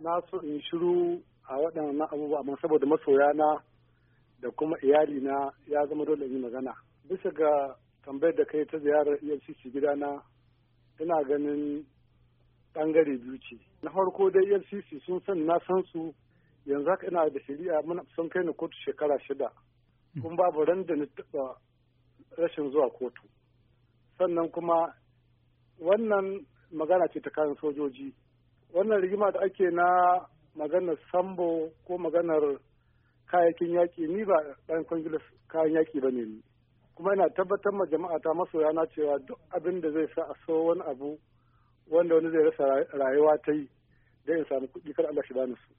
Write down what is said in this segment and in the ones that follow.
na so in shiru a waɗannan abubuwa amma saboda masoya na da kuma iyali na ya zama dole in yi magana bisa ga tambayar da kai ta ziyarar gida e gidana ina ganin ɓangare biyu ce na farko dai efcc sun san na san su yanzu haka ina da shari'a muna sun kai ni kotu shekara shida hmm. kuma babu ran da na taɓa rashin zuwa kotu sannan kuma wannan magana ce ta kayan sojoji wannan rigima da ake na maganar sambo ko maganar kayyakin yaƙi ni ba ɗan kwangilas kayan yaƙi ba ne kuma yana tabbatar ma jama'a ta masoya na cewa duk abin da zai sa a so wani abu wanda wani zai rasa rayuwa ta yi don in samu kuɗi kar Allah shi bani su.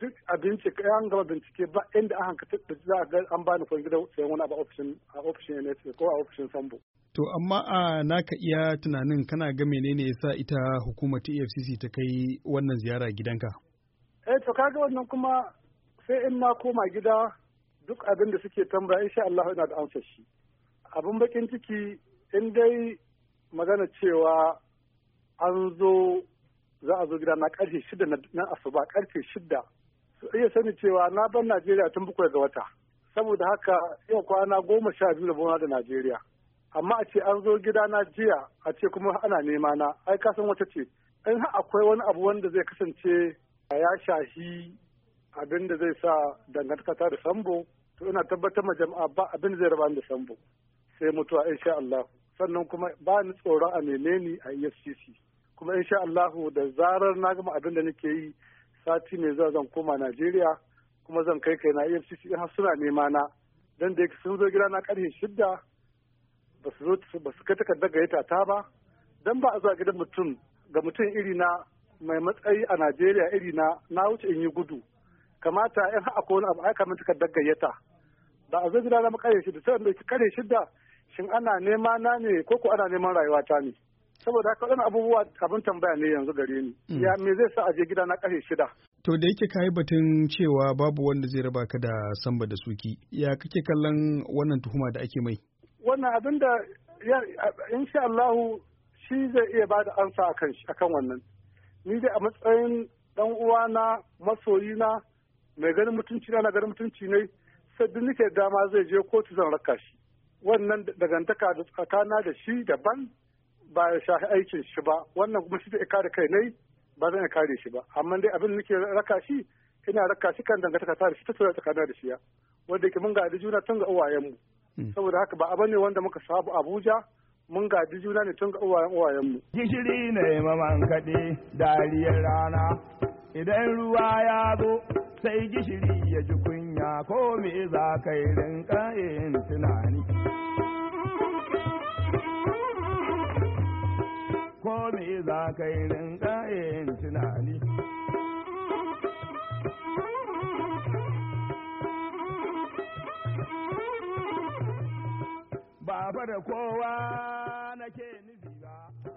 duk abinci bincike an gaba bincike ba inda an hankali da za a ga an bani kwan gida sai wani abu a ofishin NSA ko a ofishin Sambo. To amma a naka iya tunanin kana ga menene yasa ita hukumar EFCC ta kai wannan ziyara gidanka? Eh to kaga wannan kuma sai in na koma gida duk abin da suke tambaya insha Allah ina da amsar shi. Abin bakin ciki in dai magana cewa an zo za a zo gida na karfe shida na asuba karfe shida su iya sani cewa na bar Najeriya tun bakwai ga wata. Saboda haka yau kwana goma sha biyu da rabona da Najeriya. Amma a ce an zo gida na jiya a ce kuma ana nema na ai ka san wata ce. In ha akwai wani abu wanda zai kasance ya shahi abin da zai sa dangantaka da sambo to ina tabbatar ma jama'a ba abin zai raba da sambo sai mutuwa insha Allah sannan kuma ba ni tsoron a neme ni a EFCC kuma insha Allah da zarar na gama abin da nake yi sati ne za zan koma najeriya kuma zan kai kai na AFCC in har suna nema na dan da yake sun zo gida na karfe shidda ba su zo ba su kai takardar gayyata ta ba dan ba a zuwa gidan mutum ga mutum iri na mai matsayi a najeriya iri na na wuce in yi gudu kamata in har akwai wani abu ai kamar takardar gayyata ba a zo gida na karfe shidda sai da karfe shidda shin ana nema na ne ko ko ana neman rayuwa ta ne saboda haka wadannan abubuwa abin tambaya ne yanzu gare ni hmm. ya me zai sa aje gida na kashe shida to da yake kayi batun cewa babu wanda zai raba ka da samba da suki ya kake kallon wannan tuhuma da ake mai wannan abin da insha Allahu shi zai iya ba da ansa akan shi akan wannan ni dai a matsayin dan uwa na masoyi na mai ganin mutunci na ganin mutunci ne sai nake dama zai je kotu zan raka shi wannan dagantaka da tsakana da shi daban ba ya shafi aikin shi ba wannan kuma shi da kare kai nai ba zan kare shi ba amma dai abin nake raka shi ina raka shi kan dangantaka ta shi ta tsoro tsakanin da shi ya wanda yake mun gadi juna tun ga uwayen mu hmm. saboda haka ba abu ne wanda muka sabu Abuja mun gadi juna ne tun ga uwayen uwayen mu gishiri ne maman kade dariyar rana idan ruwa ya zo sai gishiri ya ji kunya ko me za ka yi rinka yin tunani za ka yi rinka yin tunani. Ba fa da kowa nake